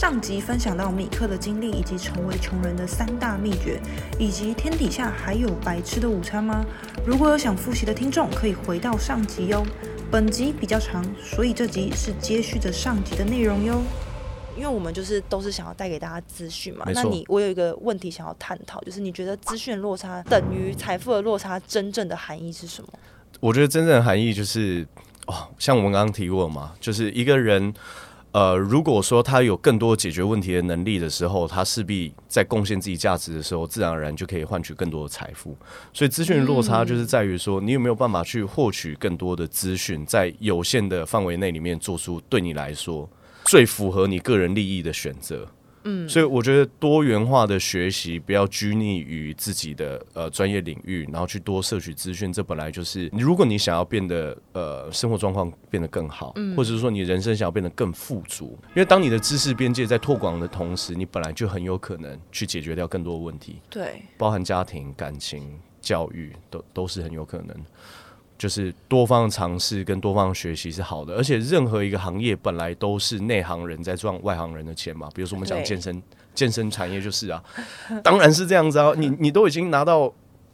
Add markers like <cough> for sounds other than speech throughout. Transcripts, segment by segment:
上集分享到米克的經歷，以及成為窮人的三大秘訣，以及天底下還有白吃的午餐嗎？如果有想復習的聽眾，可以回到上集喲。本集比較長，所以這集是接續著上集的內容喲。因為我們就是都是想要帶給大家資訊嘛，沒錯。那你我有一個問題想要探討，就是你覺得資訊落差等於財富的落差，真正的含義是什麼？嗯。我覺得真正的含義就是，哦，像我們剛剛提過嘛，就是一個人。呃，如果說他有更多解決問題的能力的時候，他勢必在貢獻自己價值的時候，自然而然就可以換取更多的財富。所以，資訊的落差就是在於說，你有沒有辦法去獲取更多的資訊，在有限的範圍內裡面做出對你來說最符合你個人利益的選擇。所以我覺得多元化的學習，不要拘泥於自己的呃專業領域，然後去多攝取資訊，這本來就是，如果你想要變得呃生活狀況變得更好，嗯，或者是說你人生想要變得更富足，因為當你的知識邊界在拓廣的同時，你本來就很有可能去解決掉更多的問題，對，包含家庭、感情、教育，都都是很有可能。就是多方嘗試跟多方的學習是好的，而且任何一個行業本來都是內行人在賺外行人的錢嘛。比如說我們講健身，對健身產業就是啊， <laughs> 當然是這樣子啊。你你都已經拿到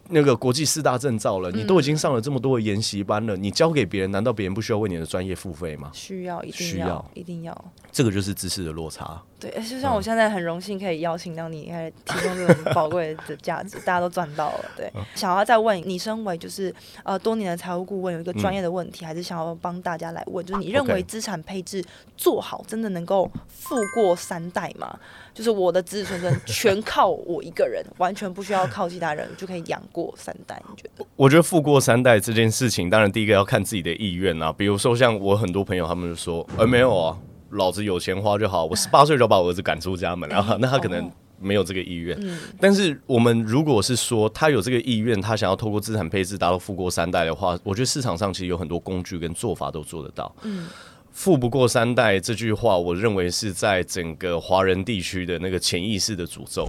那個國際四大證照了，你都已經上了這麼多的研習班了，嗯、你教給別人，難道別人不需要為你的專業付費嗎？需要，一定需要，一定要。這個就是知識的落差。對，就像我現在很榮幸可以邀請到你，提供這種寶貴的價值， <laughs> 大家都賺到了。對，嗯、想要再問你，身為就是呃多年的財務顧問，有一個專業的問題，嗯、還是想要幫大家來問，就是你認為資產配置做好，真的能夠富過三代嗎？Okay. 就是我的子子孫孫全靠我一個人， <laughs> 完全不需要靠其他人，就可以養過三代？你覺得？我覺得富過三代這件事情，當然第一個要看自己的意願啊。比如說像我很多朋友，他們就說，呃、欸，沒有啊。老子有錢花就好，我十八歲就把我兒子趕出家門了，嗯，那他可能沒有這個意願。嗯，但是我們如果是說他有這個意願，他想要透過資產配置達到富過三代的話，我覺得市場上其實有很多工具跟做法都做得到。嗯，富不過三代這句話，我認為是在整個華人地區的那個潛意識的詛咒。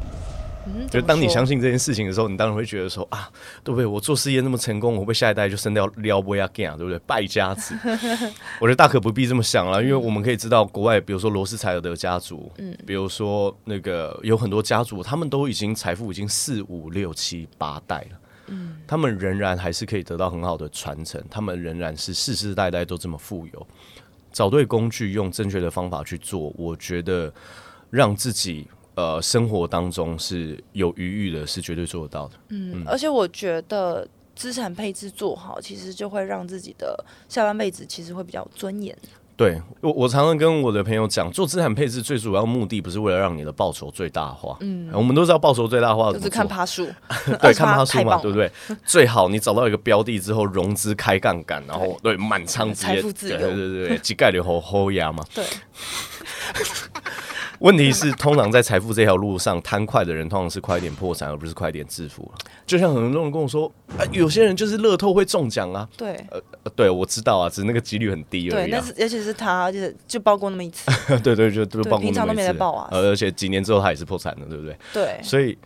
嗯、就當你相信這件事情的時候，你當然會覺得說啊，對不對？我做事業那麼成功，我會不會下一代就生掉撩不亞 g n 啊，對不對？敗家子， <laughs> 我覺得大可不必這麼想了，因為我們可以知道，國外比如說羅斯柴爾德家族，嗯，比如說那個有很多家族，他們都已經財富已經四五六七八代了，嗯、他們仍然還是可以得到很好的傳承，他們仍然是世世代代都這麼富有。找對工具，用正確的方法去做，我覺得讓自己。呃，生活當中是有餘裕的，是絕對做得到的。嗯，而且我覺得資產配置做好，其實就會讓自己的下半輩子其實會比較尊嚴。對，我我常常跟我的朋友講，做資產配置最主要目的不是為了讓你的報酬最大化。嗯，我們都知道報酬最大化，就是看趴數，對，看趴數嘛，對不對？最好你找到一個標的之後，融資開槓桿，然後對滿倉財富自由。對對對，對，對，對，對，對，壓嘛。對。問題是，通常在財富這條路上貪快的人，通常是快點破產，而不是快點致富。就像很多人跟我說啊、呃，有些人就是樂透會中獎啊對、呃。對，呃，對我知道啊，只是那個幾率很低而已、啊。對，那是，尤其是他，就是就報過那麼一次。 <laughs> 對對，就都報過那麼一次。平常都沒得報啊、呃。而且幾年之後他也是破產的，對不對？對。所以，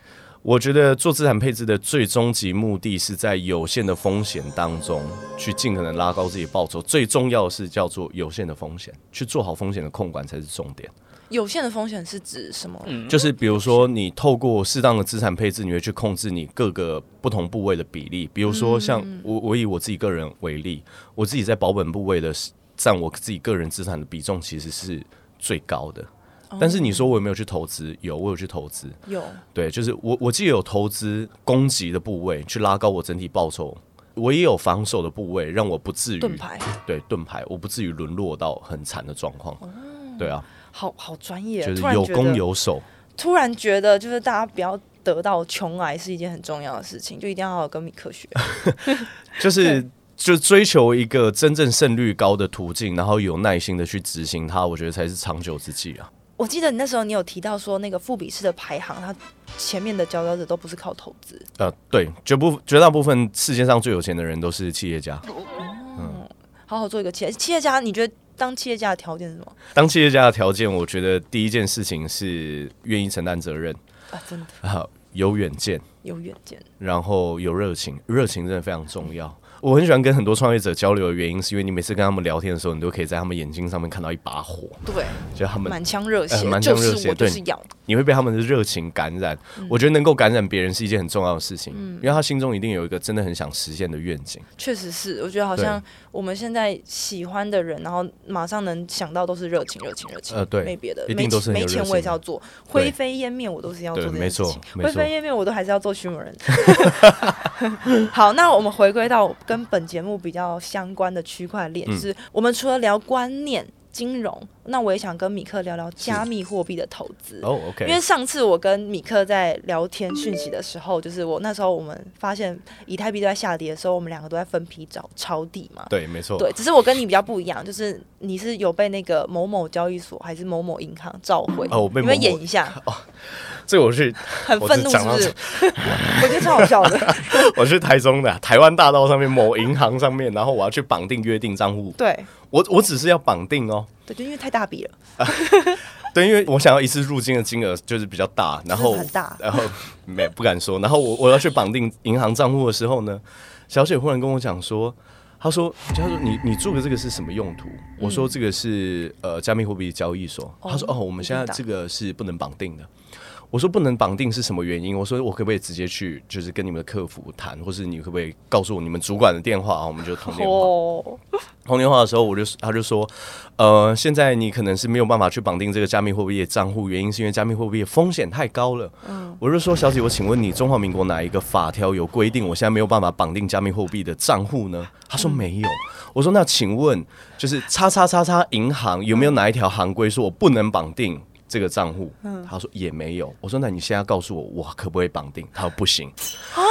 我覺得做資產配置的最終極目的是在有限的風險當中去盡可能拉高自己報酬。最重要的是叫做有限的風險，去做好風險的控管才是重點。有限的風險是指什麼？就是比如說，你透過適當的資產配置，你會去控制你各個不同部位的比例。比如說，像我，我以我自己個人為例，我自己在保本部位的占我自己個人資產的比重，其實是最高的。Okay. 但是你說我有沒有去投資？有，我有去投資。有對，就是我，我既有投資攻擊的部位去拉高我整體報酬，我也有防守的部位，讓我不至於盾牌對盾牌，我不至於淪落到很慘的狀況。哦、對啊。好好專業，就是有攻有守。突然覺得，就是大家不要得到窮癌，是一件很重要的事情，就一定要好好跟米克學。 <laughs> 就是，對就追求一個真正勝率高的途徑，然後有耐心的去執行它，我覺得才是長久之計啊。我記得你那時候你有提到說，那個富比士的排行，它前面的佼佼者都不是靠投資。呃，對，絕不絕大部分世界上最有錢的人都是企業家。哦、嗯，好好做一個企業企業家，你覺得？當企業家的條件是什麼？當企業家的條件，我覺得第一件事情是願意承擔責任、嗯、啊，真的好、啊、有遠見，有遠見，然後有熱情，熱情真的非常重要。嗯我很喜歡跟很多創業者交流的原因，是因為你每次跟他們聊天的時候，你都可以在他們眼睛上面看到一把火，對，就他們滿腔熱血，滿腔熱血，對，是你會被他們的熱情感染。我覺得能夠感染別人是一件很重要的事情，因為他心中一定有一個真的很想實現的願景。確實是，我覺得好像我們現在喜歡的人，然後馬上能想到都是熱情，熱情，熱情。呃，對，沒別的，一定都是，沒錢我也要做，灰飛煙滅我都是要做。沒錯，沒錯，灰飛煙滅我都還是要做驅魔人。好，那我們回歸到。跟本節目比較相關的區塊鏈，嗯、是我們除了聊觀念、金融。那我也想跟米克聊聊加密貨幣的投資哦，OK。因為上次我跟米克在聊天訊息的時候，就是我那時候我們發現以太幣都在下跌的時候，我們兩個都在分批找抄底嘛。對，沒錯。對，只是我跟你比較不一樣，就是你是有被那個某某交易所還是某某銀行召回哦，我被某某你們演一下哦，這我是 <laughs> 很憤怒，是不是？ <laughs> 我覺得超好笑的。 <laughs> <laughs> 我是台中的台灣大道上面某銀行上面，然後我要去綁定約定賬戶。對，我我只是要綁定哦。對，對，因為太大筆了啊。對，因為我想要一次入金的金額就是比較大，然後很大，啊，然後沒不敢說。然後我我要去綁定銀行賬戶的時候呢，小雪忽然跟我講說，她說，她說你你做的這個是什麼用途？我說這個是呃加密貨幣交易所。她說哦，我們現在這個是不能綁定的。我說不能綁定是什麼原因？我說我可不可以直接去，就是跟你們的客服談，或是你可不可以告訴我你們主管的電話啊？我們就通電話。Oh. 通電話的時候，我就他就說，呃，現在你可能是沒有辦法去綁定這個加密貨幣的賬戶，原因是因為加密貨幣風險太高了。Oh. 我就說，小姐，我請問你，中華民國哪一個法條有規定，我現在沒有辦法綁定加密貨幣的賬戶呢？他說沒有。 <laughs> 我說那請問，就是叉叉叉叉銀行有沒有哪一條行規說我不能綁定？這個賬戶，他說也沒有。嗯、我說那你現在告訴我，我可不可以綁定？他說不行啊，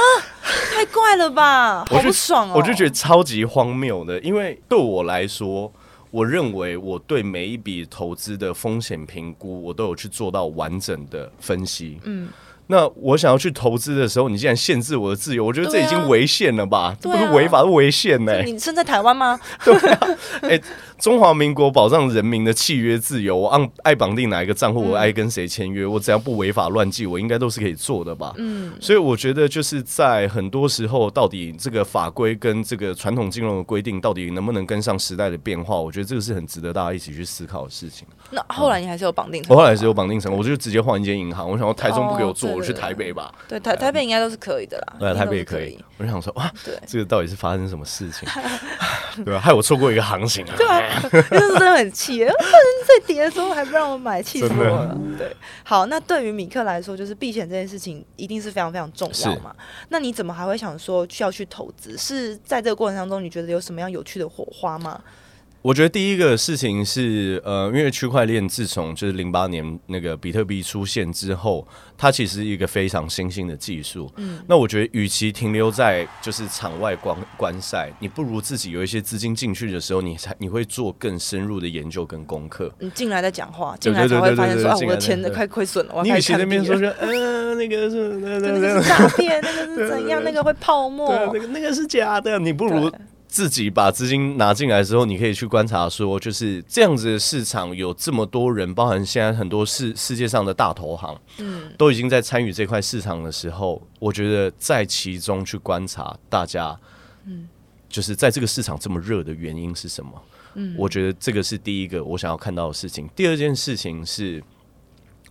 太怪了吧！ <laughs> 我就好爽、哦、我就覺得超級荒謬的。因為對我來說，我認為我對每一筆投資的風險評估，我都有去做到完整的分析。嗯，那我想要去投資的時候，你竟然限制我的自由，我覺得這已經違憲了吧？啊、這不是違法，是違憲呢。你生在台灣嗎？對啊，中華民國保障人民的契約自由，我按愛綁定哪一個賬戶，我愛跟誰簽約，我只要不違法亂紀，我應該都是可以做的吧。嗯，所以我覺得就是在很多時候，到底這個法規跟這個傳統金融的規定，到底能不能跟上時代的變化？我覺得這個是很值得大家一起去思考的事情。那後來你還是有綁定？我後來是有綁定成功，我就直接換一間銀行。我想要台中不給我做，我去台北吧。對，台台北應該都是可以的啦。對，台北也可以。我就想說，哇，對，這個到底是發生什麼事情？對吧？害我錯過一個行情啊。對就 <laughs> <laughs> 是真的很氣， <laughs> 在跌的時候還不讓我買，氣死我了。的對，好，那對於米克來說，就是避險這件事情一定是非常非常重要的嘛。是那你怎麼還會想說需要去投資？是在這個過程當中，你覺得有什麼樣有趣的火花嗎？我覺得第一個事情是，呃，因為區塊鏈自從就是零八年，那個比特幣出現之後，它其實是一個非常新興的技術。嗯。那我覺得，與其停留在就是場外觀觀賽，你不如自己有一些資金進去的時候，你才你會做更深入的研究跟功課。你進來再講話，進來才會發現說啊，我的錢都快虧損了。你以前那邊說說，呃，那個是那的是詐面那個是怎樣，那個會泡沫，那個那個是假的，你不如。自己把資金拿進來之後，你可以去觀察說，就是這樣子的市場有這麼多人，包含現在很多世世界上的大投行，嗯，都已經在參與這塊市場的時候，我覺得在其中去觀察大家，嗯，就是在這個市場這麼熱的原因是什麼？嗯，我覺得這個是第一個我想要看到的事情。第二件事情是。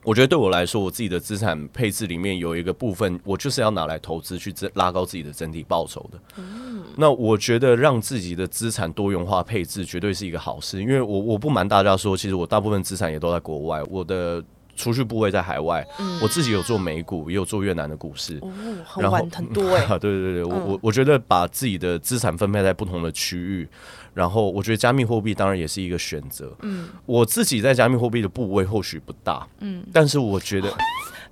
我覺得對我來說，我自己的資產配置裡面有一個部分，我就是要拿來投資去拉高自己的整體報酬的。嗯、那我覺得讓自己的資產多元化配置絕對是一個好事，因為我我不瞞大家說，其實我大部分資產也都在國外，我的儲蓄部位在海外，嗯、我自己有做美股，也有做越南的股市，嗯、然後很，很多哎， <laughs> 對，對對對，嗯、我我我覺得把自己的資產分配在不同的區域。然後我覺得加密貨幣當然也是一個選擇。嗯，我自己在加密貨幣的部位或許不大，嗯，但是我覺得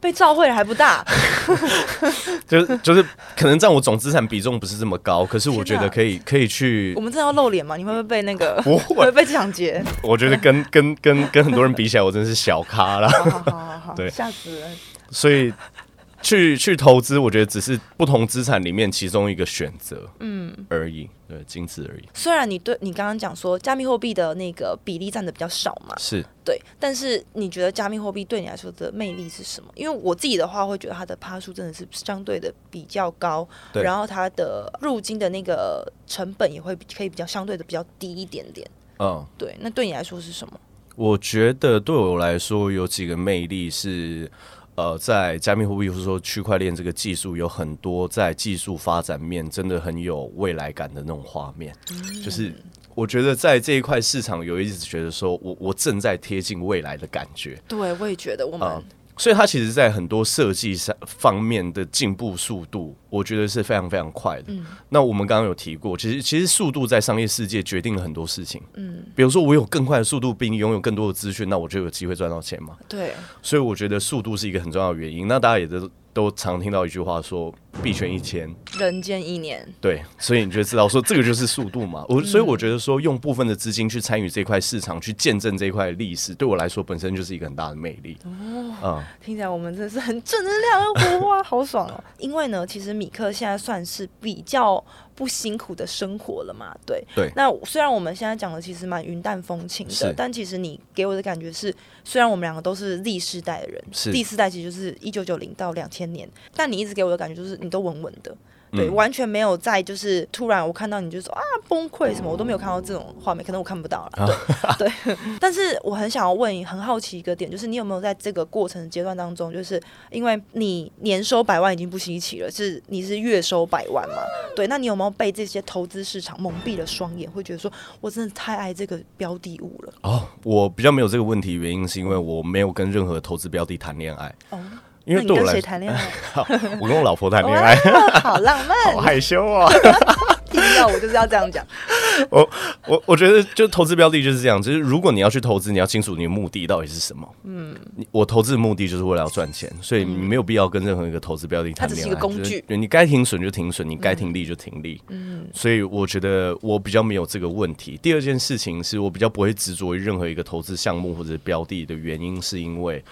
被召回了還不大， <laughs> <laughs> 就、就是就是可能占我總資產比重不是這麼高，可是我覺得可以可以去。的我們真的要露臉嗎？你會不會被那個我 <laughs> 會、會被搶劫？我覺得跟跟跟跟很多人比起來，我真的是小咖啦。 <laughs> 好好好好對，嚇死人。所以。去去投資，我覺得只是不同資產裡面其中一個選擇，嗯，嗯而已，對，僅此而已。雖然你對你剛剛講說加密貨幣的那個比例佔的比較少嘛，是對，但是你覺得加密貨幣對你來說的魅力是什麼？因為我自己的話會覺得它的趴數真的是相對的比較高，對然後它的入金的那個成本也會可以比較相對的比較低一點點。嗯、哦，對，那對你來說是什麼？我覺得對我來說有幾個魅力是。呃，在加密貨幣或者說區塊鏈這個技術，有很多在技術發展面真的很有未來感的那種畫面。嗯。就是我覺得在這一塊市場，有一直覺得說我我正在貼近未來的感覺。對，我也覺得我們。呃所以它其實，在很多設計上方面的進步速度，我覺得是非常非常快的。嗯、那我們剛剛有提過，其實其實速度在商業世界決定了很多事情。嗯，比如說我有更快的速度，並擁有更多的資訊，那我就有機會賺到錢嘛。對，所以我覺得速度是一個很重要的原因。那大家也都。都常聽到一句話說“幣圈一天，人間一年”，對，所以你就知道說這個就是速度嘛。 <laughs> 我所以我覺得說用部分的資金去參與這塊市場，嗯、去見證這塊歷史，對我來說本身就是一個很大的魅力。哦，嗯、聽起來我們真的是很正能量的活、啊，哇， <laughs> 好爽哦、啊！因為呢，其實米克現在算是比較。不辛苦的生活了嘛？對。對。那雖然我們現在講的其實蠻雲淡風輕的，是但其實你給我的感覺是，雖然我們兩個都是 Z 世代的人，Z 世是代其實就是一九九零到兩千年，但你一直給我的感覺就是你都穩穩的。對，完全沒有在，就是突然我看到你就說啊崩潰什麼，我都沒有看到這種畫面，可能我看不到了。啊、對， <laughs> 但是我很想要問，很好奇一個點，就是你有沒有在這個過程的階段當中，就是因為你年收百萬已經不稀奇了，就是你是月收百萬嘛？啊、對，那你有沒有被這些投資市場蒙蔽了雙眼，會覺得說我真的太愛這個標的物了？哦，我比較沒有這個問題，原因是因為我沒有跟任何投資標的談戀愛。哦。因為對我來說，你跟誰談戀愛、哎，好，我跟我老婆談戀愛。 <laughs> 好浪漫，好害羞啊、哦。 <laughs> <laughs> 我就是要這樣講。 <laughs> 我我我覺得，就投資標的就是這樣。就是如果你要去投資，你要清楚你的目的到底是什麼。嗯，我投資的目的就是為了要賺錢，所以你沒有必要跟任何一個投資標的談戀愛。它只是一個工具。你該停損就停損，你該停利就停利。嗯，所以我覺得我比較沒有這個問題。第二件事情是我比較不會執着於任何一個投資項目或者是標的的原因，是因為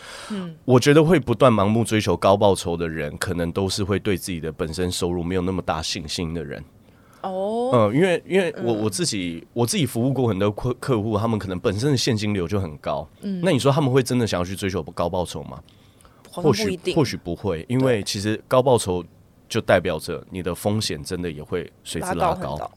我覺得會不斷盲目追求高報酬的人，可能都是會對自己的本身收入沒有那麼大信心的人。哦，oh, 嗯，因為因為我我自己、嗯、我自己服務過很多客客戶，他們可能本身的現金流就很高，嗯、那你說他們會真的想要去追求高報酬嗎？不，或許，或許不會，因為其實高報酬就代表着你的風險真的也會隨之拉高。拉高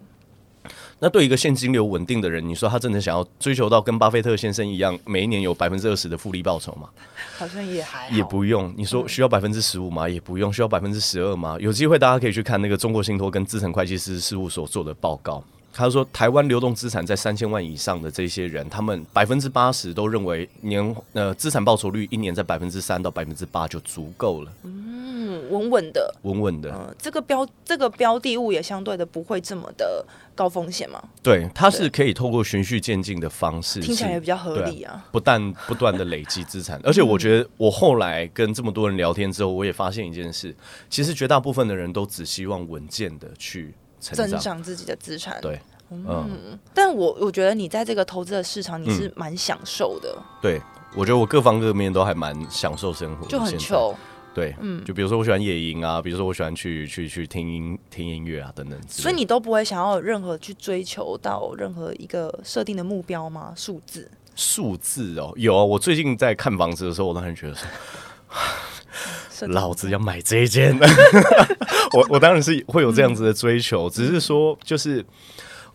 那對一個現金流穩定的人，你說他真的想要追求到跟巴菲特先生一樣，每一年有百分之二十的複利報酬嗎？好像也還也不用。嗯、你說需要百分之十五嗎？也不用。需要百分之十二嗎？有機會大家可以去看那個中國信托跟資產會計師事務所做的報告。他說，台灣流動資產在三千萬以上的這些人，他們百分之八十都認為年呃資產報酬率一年在百分之三到百分之八就足夠了。嗯，穩穩的，穩穩的。呃、這個標這個標的物也相對的不會這麼的。高風險嗎？對，它是可以透過循序漸進的方式，聽起來也比較合理啊。啊不但不斷的累積資產， <laughs> 而且我覺得我後來跟這麼多人聊天之後，我也發現一件事，其實絕大部分的人都只希望穩健的去長增長自己的資產。對，嗯，但我我覺得你在這個投資的市場，你是蠻享受的、嗯。對，我覺得我各方各面都還蠻享受生活，就很窮。對，嗯，就比如說我喜歡野營啊，比如說我喜歡去去去聽音聽音樂啊等等，所以你都不會想要任何去追求到任何一個設定的目標嗎？數字？數字哦，有啊。我最近在看房子的時候，我當然覺得老子要買這一間。 <laughs> <laughs> 我我當然是會有這樣子的追求，嗯，只是說就是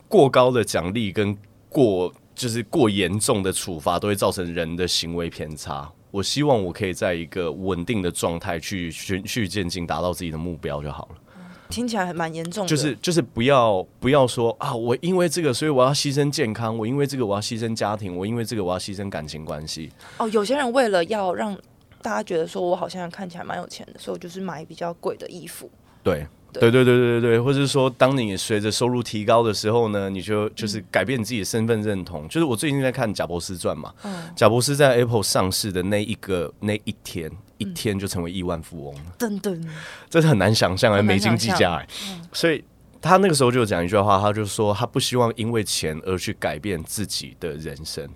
過高的獎勵跟過就是過嚴重的處罰都會造成人的行為偏差。我希望我可以在一個穩定的狀態去循序漸進，達到自己的目標就好了。嗯，聽起來還蠻嚴重的。就是就是不要不要說啊，我因為這個，所以我要犧牲健康；我因為這個，我要犧牲家庭；我因為這個，我要犧牲感情關係。哦，有些人為了要讓大家覺得說我好像看起來蠻有錢的，所以我就是買比較貴的衣服。對。對對對對對，或者是說，當你隨着收入提高的時候呢，你就就是改變你自己的身份認同。嗯、就是我最近在看《賈伯斯傳》嘛，嗯、賈伯斯在 Apple 上市的那一個那一天，一天就成為億萬富翁了。嗯嗯嗯、真的，這是很難想象啊，美金計價。哎。嗯、所以他那個時候就講一句話，他就說他不希望因為錢而去改變自己的人生，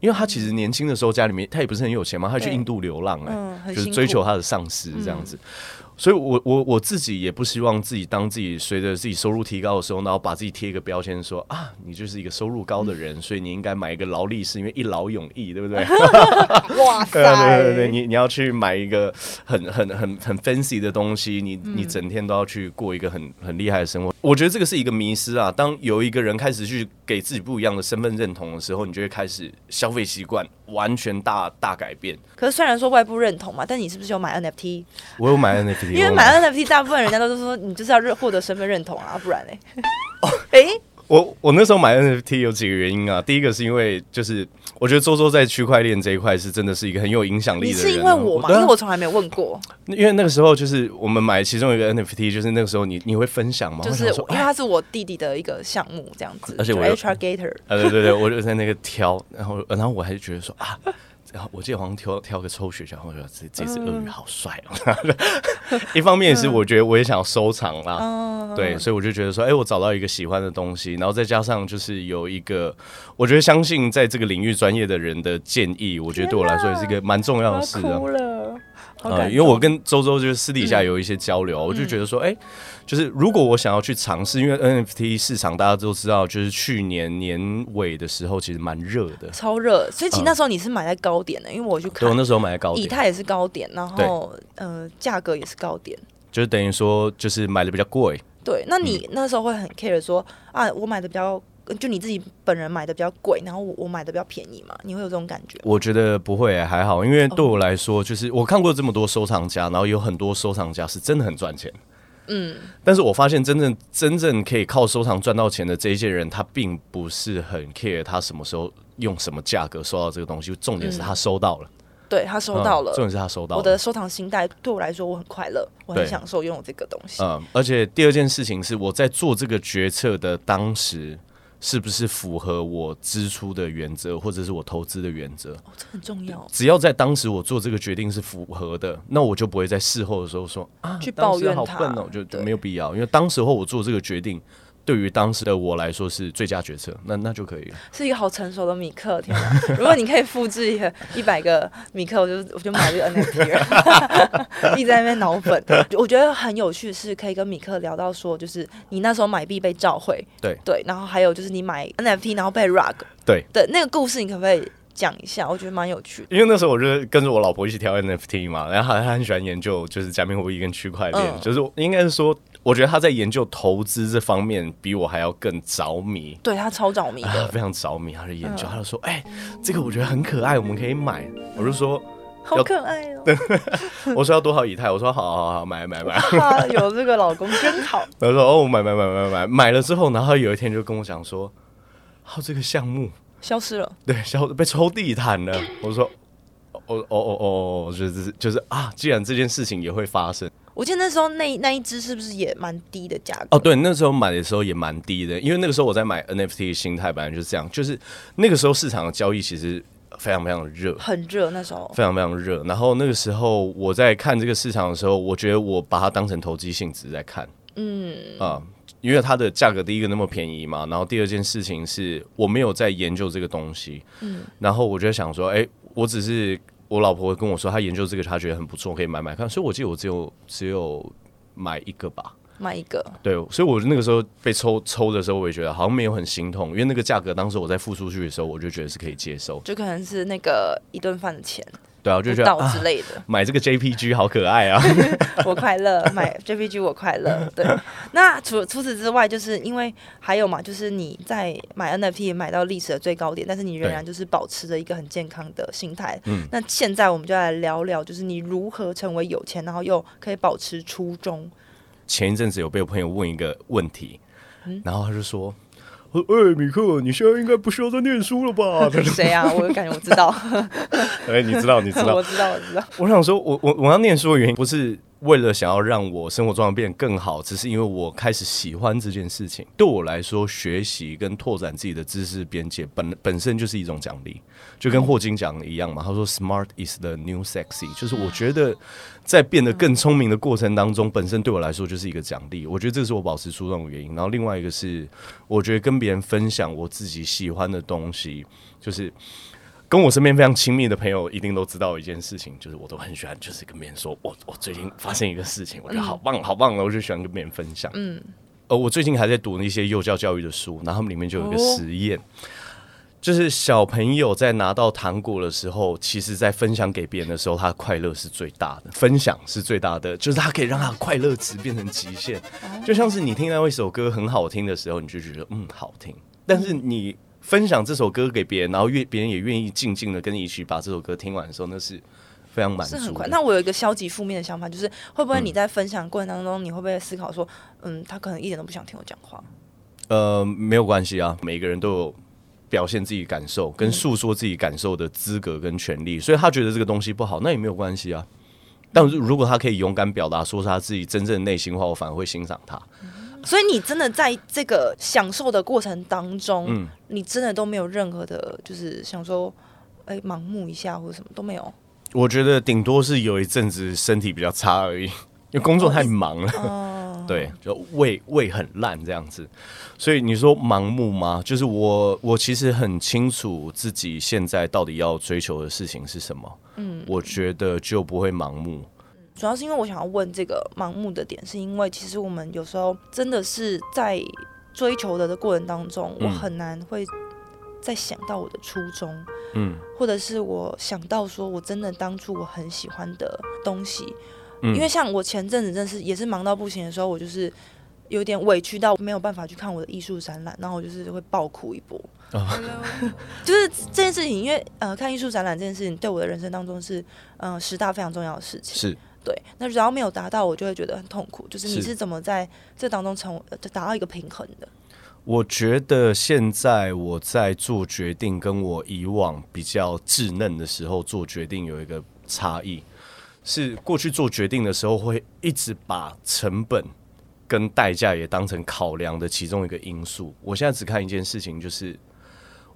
因為他其實年輕的時候家裡面他也不是很有錢嘛，他去印度流浪哎，嗯、就是追求他的上司這樣子。嗯所以我，我我我自己也不希望自己當自己隨着自己收入提高的時候，然後把自己貼一個標籤說，說啊，你就是一個收入高的人，嗯、所以你應該買一個勞力士，因為一勞永逸，對不對？ <laughs> <laughs> 哇塞、嗯！對對對，你你要去買一個很很很很 fancy 的東西，你你整天都要去過一個很很厲害的生活。嗯、我覺得這個是一個迷思啊。當有一個人開始去給自己不一樣的身份認同的時候，你就會開始消費習慣。完全大大改變。可是雖然說外部認同嘛，但你是不是有買 NFT？我有買 NFT。 <laughs> <laughs> 因為買 NFT，大部分人家都是說，你就是要認獲得身份認同啊， <laughs> 不然嘞？誒、 <laughs> oh. 欸。我我那時候買 NFT 有幾個原因啊，第一個是因為就是我覺得周周在區塊鏈這一塊是真的是一個很有影響力的人，啊。的，你是因為我嗎？我的因為我從來沒有問過。因為那個時候就是我們買其中一個 NFT，就是那個時候你你會分享嗎？就是，啊、因為它是我弟弟的一個項目這樣子。而且我也是 Gator。Ator, 啊，對對對， <laughs> 我就在那個挑，然後然後我還是覺得說啊。然後我記得好像挑挑個抽血，然後說這這隻鱷魚好帥哦、啊。嗯、 <laughs> 一方面也是我覺得我也想要收藏啦，嗯嗯、對，所以我就覺得說，哎、欸，我找到一個喜歡的東西，然後再加上就是有一個，我覺得相信在這個領域專業的人的建議，我覺得對我來說也是一個蠻重要的事的啊。啊啊、呃，因為我跟周周就是私底下有一些交流，嗯、我就覺得說，哎、嗯欸，就是如果我想要去嘗試，因為 NFT 市場大家都知道，就是去年年尾的時候其實蠻熱的，超熱。所以其實那時候你是買在高點的、欸，嗯、因為我去看，我那時候買在高點，以太也是高點，然後對呃價格也是高點，就是等於說就是買的比較貴。對，那你那時候會很 care 說、嗯、啊，我買的比較。就你自己本人買的比較貴，然後我我買的比較便宜嘛，你會有這種感覺？我覺得不會、欸，還好，因為對我來說，oh. 就是我看過這麼多收藏家，然後有很多收藏家是真的很賺錢，嗯。但是我發現真正真正可以靠收藏賺到錢的這一些人，他並不是很 care 他什麼時候用什麼價格收到這個東西，重點是他收到了，嗯嗯、對他收到了、嗯，重點是他收到了。我的收藏心態對我來說，我很快樂，我很享受擁有這個東西。嗯，而且第二件事情是我在做這個決策的當時。是不是符合我支出的原則，或者是我投資的原則？哦，這很重要。只要在當時我做這個決定是符合的，那我就不會在事後的時候說啊，去抱怨他，好笨喔，就就沒有必要。對因為當時候我做這個決定。對於當時的我來說是最佳決策，那那就可以了。是一個好成熟的米克，天哪！ <laughs> 如果你可以複製一個一百個米克，我就我就買這個 NFT 一直 <laughs> <laughs> 在那邊腦粉。 <laughs> 我覺得很有趣的是，可以跟米克聊到說，就是你那時候買幣被召回，對對，然後還有就是你買 NFT 然後被 rug，對對，那個故事你可不可以講一下？我覺得蠻有趣的，因為那時候我就跟着我老婆一起挑 NFT 嘛，然後她她很喜歡研究就是加密貨幣跟區塊鏈，嗯、就是應該是說。我覺得他在研究投資這方面比我還要更着迷，對他超着迷，啊，非常着迷他的研究，嗯、他就說：“哎、欸，嗯、這個我覺得很可愛，我們可以買。嗯”我就說：“好可愛哦！” <laughs> 我說：“要多少以太？”我說：“好好好，買買買。啊”有這個老公真好。 <laughs> 他說：“哦，買買買買買買了之後，然後有一天就跟我講說，好、啊，這個項目消失了。”對，消失被抽地毯了。 <laughs> 我說：“哦哦哦哦我覺得就是、就是、啊，既然這件事情也會發生。”我記得那時候那那一支是不是也蠻低的價格？哦，oh, 對，那時候買的時候也蠻低的，因為那個時候我在買 NFT 的心態本來就是這樣，就是那個時候市場的交易其實非常非常熱，很熱那時候，非常非常熱。然後那個時候我在看這個市場的時候，我覺得我把它當成投機性質在看，嗯啊、嗯，因為它的價格第一個那麼便宜嘛，然後第二件事情是我沒有在研究這個東西，嗯，然後我就想說，哎，我只是。我老婆跟我說，她研究這個，她覺得很不錯，可以買買看。所以我記得我只有只有買一個吧，買一個。對，所以我那個時候被抽抽的時候，我也覺得好像沒有很心痛，因為那個價格當時我在付出去的時候，我就覺得是可以接受，就可能是那個一頓飯的錢。對、啊，我就覺得之類的，啊、買這個 JPG 好可愛啊！ <laughs> 我快樂，買 JPG 我快樂。對，那除除此之外，就是因為還有嘛，就是你在買 NFT 買到歷史的最高點，但是你仍然就是保持着一個很健康的心態。嗯對，那現在我們就來聊聊，就是你如何成為有錢，然後又可以保持初衷。前一陣子有被我朋友問一個問題，嗯，然後他就說。哎，欸、米克，你現在應該不需要再念書了吧？誰啊？我感覺我知道。哎、 <laughs> <laughs> 欸，你知道？你知道？ <laughs> 我知道，我知道。我想說，我我我要念書的原因不是為了想要讓我生活狀況變得更好，只是因為我開始喜歡這件事情。對我來說，學習跟拓展自己的知識邊界，本本身就是一種獎勵。就跟霍金講的一樣嘛，他說 “Smart is the new sexy”，就是我覺得在變得更聰明的過程當中，本身對我來說就是一個獎勵。我覺得這是我保持初衷的原因。然後另外一個是，我覺得跟別人分享我自己喜歡的東西，就是。跟我身邊非常親密的朋友一定都知道一件事情，就是我都很喜歡，就是跟別人說，我我最近發生一個事情，我覺得好棒好棒了，我就喜歡跟別人分享。嗯，呃，我最近還在讀那些幼教教育的書，然後他們裡面就有一個實驗，哦、就是小朋友在拿到糖果的時候，其實在分享給別人的時候，他的快樂是最大的，分享是最大的，就是他可以讓他的快樂值變成極限。哦、就像是你聽到一首歌很好聽的時候，你就覺得嗯好聽，但是你。嗯分享這首歌給別人，然後願別人也願意靜靜的跟你一起把這首歌聽完的時候，那是非常滿足是很快。那我有一個消極負面的想法，就是會不會你在分享過程當中，嗯、你會不會思考說，嗯，他可能一點都不想聽我講話？呃，沒有關係啊，每個人都有表現自己感受跟訴說自己感受的資格跟權利，嗯、所以他覺得這個東西不好，那也沒有關係啊。但如果他可以勇敢表達說是他自己真正的內心的話，我反而會欣賞他。嗯所以你真的在這個享受的過程當中，嗯、你真的都沒有任何的，就是想說，哎、欸，盲目一下或者什麼都沒有。我覺得頂多是有一陣子身體比較差而已，因為工作太忙了，啊、 <laughs> 對，就胃胃很爛這樣子。所以你說盲目嗎？就是我我其實很清楚自己現在到底要追求的事情是什麼，嗯，我覺得就不會盲目。主要是因為我想要問這個盲目的點，是因為其實我們有時候真的是在追求的過程當中，嗯、我很難會再想到我的初衷，嗯，或者是我想到說我真的當初我很喜歡的東西，嗯，因為像我前陣子真的是也是忙到不行的時候，我就是有點委屈到沒有辦法去看我的藝術展覽，然後我就是會爆哭一波，oh. <laughs> 就是這件事情，因為呃，看藝術展覽這件事情對我的人生當中是嗯、呃、十大非常重要的事情，是。對，那只要沒有達到，我就會覺得很痛苦。就是你是怎麼在這當中成為達是到一個平衡的？我覺得現在我在做決定，跟我以往比較稚嫩的時候做決定有一個差異，是過去做決定的時候會一直把成本跟代價也當成考量的其中一個因素。我現在只看一件事情，就是。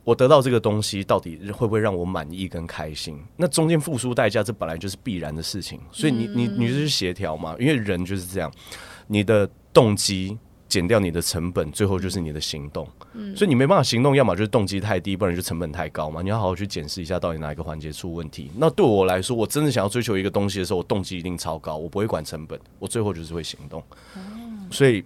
我得到這個東西，到底會不會讓我滿意跟開心？那中間付出代價，這本來就是必然的事情。所以你你你是去協調嘛？因為人就是這樣，你的動機減掉你的成本，最後就是你的行動。所以你沒辦法行動，要麼就是動機太低，不然就成本太高嘛。你要好好去檢視一下，到底哪一個環節出問題。那對我來說，我真的想要追求一個東西的時候，我動機一定超高，我不會管成本，我最後就是會行動。所以。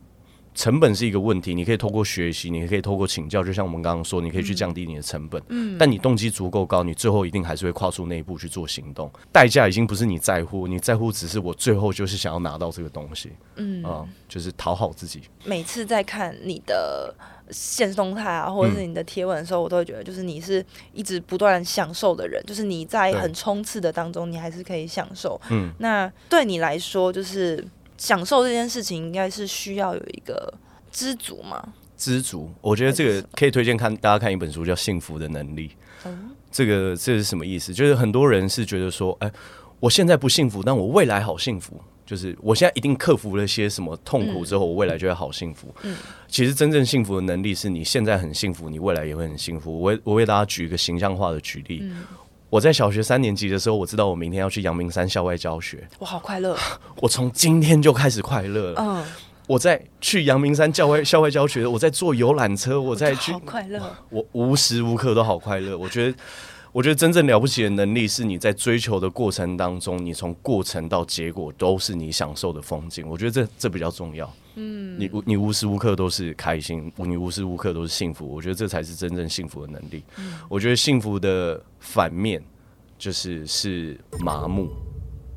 成本是一個問題，你可以透過學習，你可以透過請教。就像我們剛剛說，你可以去降低你的成本。嗯，嗯，但你動機足夠高，你最後一定還是會跨出那一步去做行動。代價已經不是你在乎，你在乎只是我最後就是想要拿到這個東西。嗯，啊，就是討好自己。每次在看你的限時動態啊，或者是你的貼文的時候，嗯、我都會覺得，就是你是一直不斷享受的人，就是你在很衝刺的當中，你還是可以享受。嗯，那對你來說，就是。享受這件事情應該是需要有一個知足嘛？知足，我覺得這個可以推薦看大家看一本書叫《幸福的能力》。嗯，這個這是什麼意思？就是很多人是覺得說，哎，欸，我現在不幸福，但我未來好幸福。就是我現在一定克服了些什麼痛苦之後，嗯，我未來就會好幸福。嗯，其實真正幸福的能力是你現在很幸福，你未來也會很幸福。我我為大家舉一個形象化的舉例。嗯我在小學三年級的時候，我知道我明天要去陽明山校外教學，我好快樂。 <laughs> 我從今天就開始快樂了。嗯，我在去陽明山校外校外教學，我在坐遊覽車，我在去，好快樂。我無時無刻都好快樂，我覺得。 <laughs> 我覺得真正了不起的能力是你在追求的過程當中，你從過程到結果都是你享受的風景。我覺得這這比較重要。嗯，你你無時無刻都是開心，你無時無刻都是幸福。我覺得這才是真正幸福的能力。嗯，我覺得幸福的反面就是是麻木，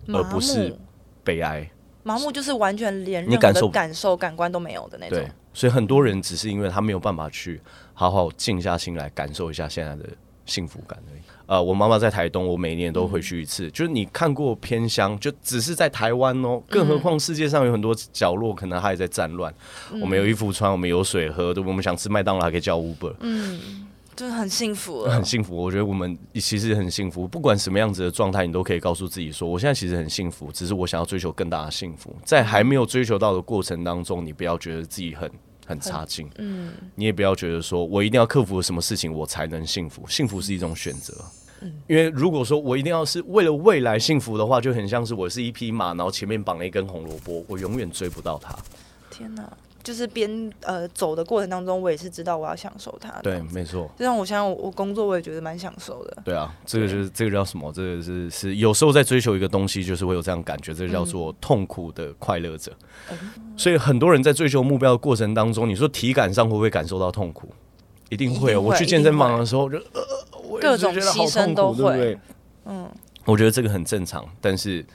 麻木而不是悲哀。麻木就是完全連的你感受感受感官都沒有的那種。對，所以很多人只是因為他沒有辦法去好好靜下心來感受一下現在的。幸福感而已。呃，我媽媽在台東，我每年都回去一次。嗯、就是你看過偏鄉，就只是在台灣哦，更何況世界上有很多角落，可能還在戰亂。嗯、我們有衣服穿，我們有水喝，我們想吃麥當勞還可以叫 Uber。嗯，真的很幸福， <laughs> 很幸福。我覺得我們其實很幸福，不管什麼樣子的狀態，你都可以告訴自己說，我現在其實很幸福。只是我想要追求更大的幸福，在還沒有追求到的過程當中，你不要覺得自己很。很差勁，嗯，你也不要覺得說，我一定要克服什麼事情我才能幸福，幸福是一種選擇，嗯，因為如果說我一定要是為了未來幸福的話，就很像是我是一匹馬，然後前面綁了一根紅蘿蔔，我永遠追不到它。天哪！就是邊呃走的過程當中，我也是知道我要享受它的。對，沒錯。就像我現在我,我工作，我也覺得蠻享受的。對啊，這個就是對這個叫什麼？這個、就是是有時候在追求一個東西，就是會有這樣感覺，嗯、這叫做痛苦的快樂者。嗯、所以很多人在追求目標的過程當中，你說體感上會不會感受到痛苦？一定會。一定會我去健身房的時候就，就、呃、各種犧牲都會。對對嗯，我覺得這個很正常，但是。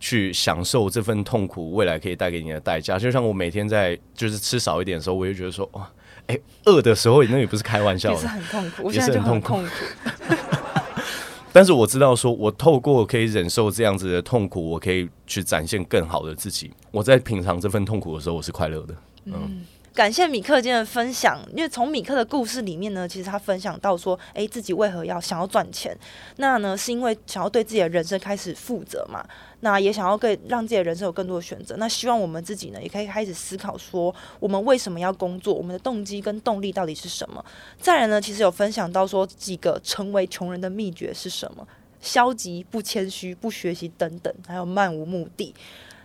去享受這份痛苦，未來可以帶給你的代價。就像我每天在就是吃少一點的時候，我就覺得說哇，欸、餓的時候那也不是開玩笑的，也是很痛苦，痛苦我現在就很痛苦。 <laughs> <laughs> 但是我知道說，說我透過可以忍受這樣子的痛苦，我可以去展現更好的自己。我在品嘗這份痛苦的時候，我是快樂的。嗯，嗯，感謝米克今天的分享。因為從米克的故事裡面呢，其實他分享到說，哎、欸，自己為何要想要賺錢？那呢，是因為想要對自己的人生開始負責嘛。那也想要更讓自己的人生有更多的選擇。那希望我們自己呢，也可以開始思考說，我們為什麼要工作？我們的動機跟動力到底是什麼？再來呢，其實有分享到說幾個成為窮人的秘訣是什麼：消極、不謙虛、不學習等等，還有漫無目的。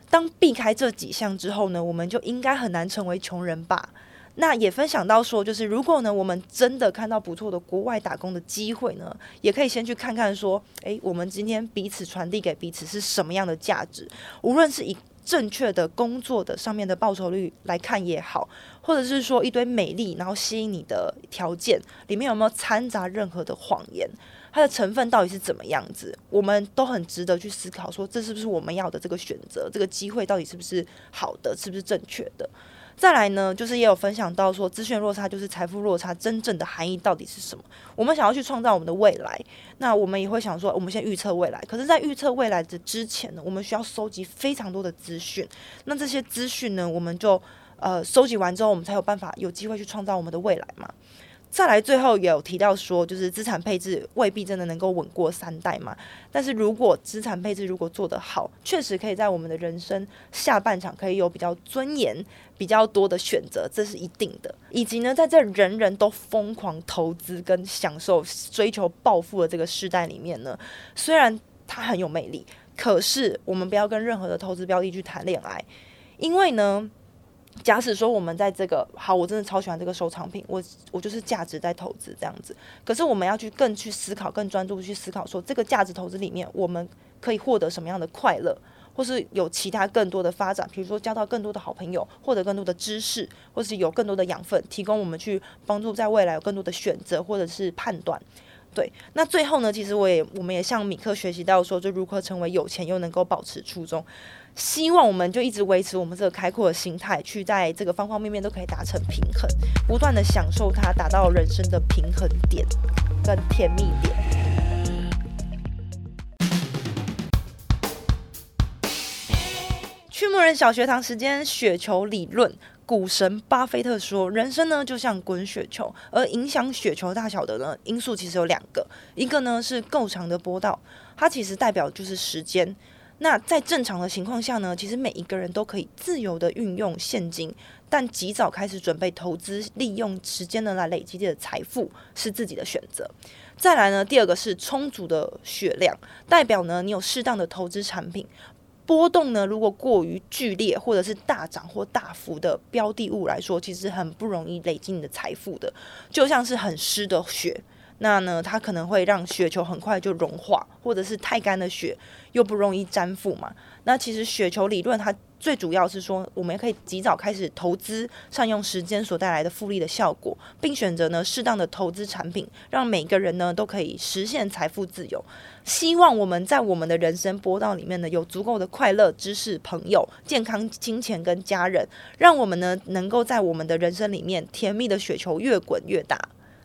當避開這幾項之後呢，我們就應該很難成為窮人吧。那也分享到說，就是如果呢，我們真的看到不錯的國外打工的機會呢，也可以先去看看說，哎，我們今天彼此傳遞給彼此是什麼樣的價值？無論是以正確的工作的上面的報酬率來看也好，或者是說一堆美麗然後吸引你的條件裡面有沒有摻雜任何的謊言，它的成分到底是怎麼樣子？我們都很值得去思考說，這是不是我們要的這個選擇？這個機會到底是不是好的？是不是正確的？再來呢，就是也有分享到說，資訊落差就是財富落差真正的含義到底是什麼？我們想要去創造我們的未來，那我們也會想說，我們先預測未來。可是，在預測未來的之前呢，我們需要收集非常多的資訊。那這些資訊呢，我們就呃收集完之後，我們才有辦法有機會去創造我們的未來嘛。再來最後也有提到說，就是資產配置未必真的能夠穩過三代嘛。但是如果資產配置如果做得好，確實可以在我們的人生下半場可以有比較尊嚴、比較多的選擇，這是一定的。以及呢，在這人人都瘋狂投資跟享受、追求暴富的這個時代裡面呢，雖然它很有魅力，可是我們不要跟任何的投資標的去談戀愛，因為呢。假使說我們在這個好，我真的超喜歡這個收藏品，我我就是價值在投資這樣子。可是我們要去更去思考，更專注去思考說，說這個價值投資裡面我們可以獲得什麼樣的快樂，或是有其他更多的發展，比如說交到更多的好朋友，獲得更多的知識，或是有更多的養分，提供我們去幫助在未來有更多的選擇或者是判斷。對，那最後呢，其實我也我們也向米克學習到說，就如何成為有錢又能夠保持初衷。希望我們就一直維持我們這個開闊的心態，去在這個方方面面都可以達成平衡，不斷的享受它，達到人生的平衡點跟甜蜜點。嗯、去牧人小學堂時間，雪球理論，股神巴菲特說，人生呢就像滾雪球，而影響雪球大小的呢因素其實有兩個，一個呢是夠長的坡道，它其實代表就是時間。那在正常的情況下呢，其實每一個人都可以自由的運用現金，但及早開始準備投資，利用時間呢來累積你的財富是自己的選擇。再來呢，第二個是充足的血量，代表呢你有適當的投資產品。波動呢如果過於劇烈，或者是大漲或大幅的標的物來說，其實很不容易累積你的財富的，就像是很濕的雪。那呢，它可能會讓雪球很快就融化，或者是太乾的雪又不容易粘附嘛。那其實雪球理論它最主要是說，我們也可以及早開始投資，善用時間所帶來的複利的效果，並選擇呢適當的投資產品，讓每個人呢都可以實現財富自由。希望我們在我們的人生波道裡面呢，有足夠的快樂、知識、朋友、健康、金錢跟家人，讓我們呢能夠在我們的人生裡面，甜蜜的雪球越滾越大。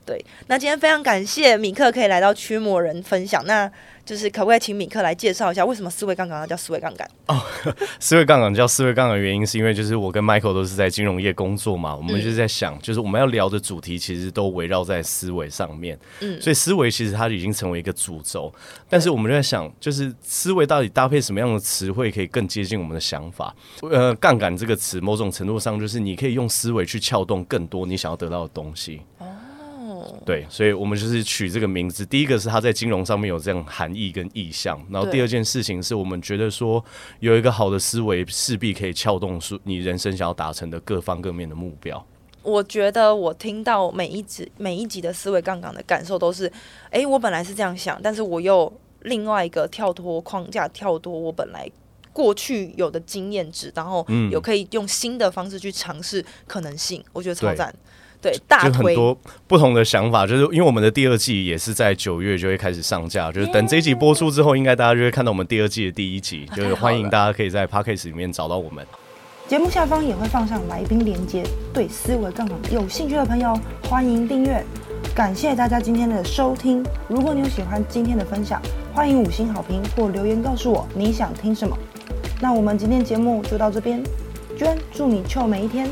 對，那今天非常感謝米克可以來到驅魔人分享。那就是可不可以請米克來介紹一下，為什麼思維槓桿要叫思維槓桿？哦，oh, <laughs> 思維槓桿叫思維槓桿的原因，是因為就是我跟 Michael 都是在金融業工作嘛，我們就是在想，嗯、就是我們要聊的主題其實都圍繞在思維上面。嗯，所以思維其實它已經成為一個主軸。但是我們就在想，就是思維到底搭配什麼樣的詞彙，可以更接近我們的想法？呃，槓桿這個詞，某種程度上就是你可以用思維去撬動更多你想要得到的東西。哦對，所以我們就是取這個名字。第一個是它在金融上面有這樣含義跟意向，然後第二件事情是我們覺得說有一個好的思維，勢必可以撬動你人生想要達成的各方各面的目標。我覺得我聽到每一集每一集的思維槓桿的感受都是，哎、欸，我本來是這樣想，但是我又另外一個跳脫框架，跳脫我本來過去有的經驗值，然後有可以用新的方式去嘗試可能性。嗯、我覺得超讚。對，有很多不同的想法，就是因為我們的第二季也是在九月就會開始上架，就是等這一集播出之後，應該大家就會看到我們第二季的第一集。就是歡迎大家可以在 Podcast 裡面找到我們，啊、節目下方也會放上來賓連接。對思維槓桿有興趣的朋友，歡迎訂閱。感謝大家今天的收聽，如果你有喜歡今天的分享，歡迎五星好評或留言告訴我你想聽什麼。那我們今天節目就到這邊，娟祝你秋每一天。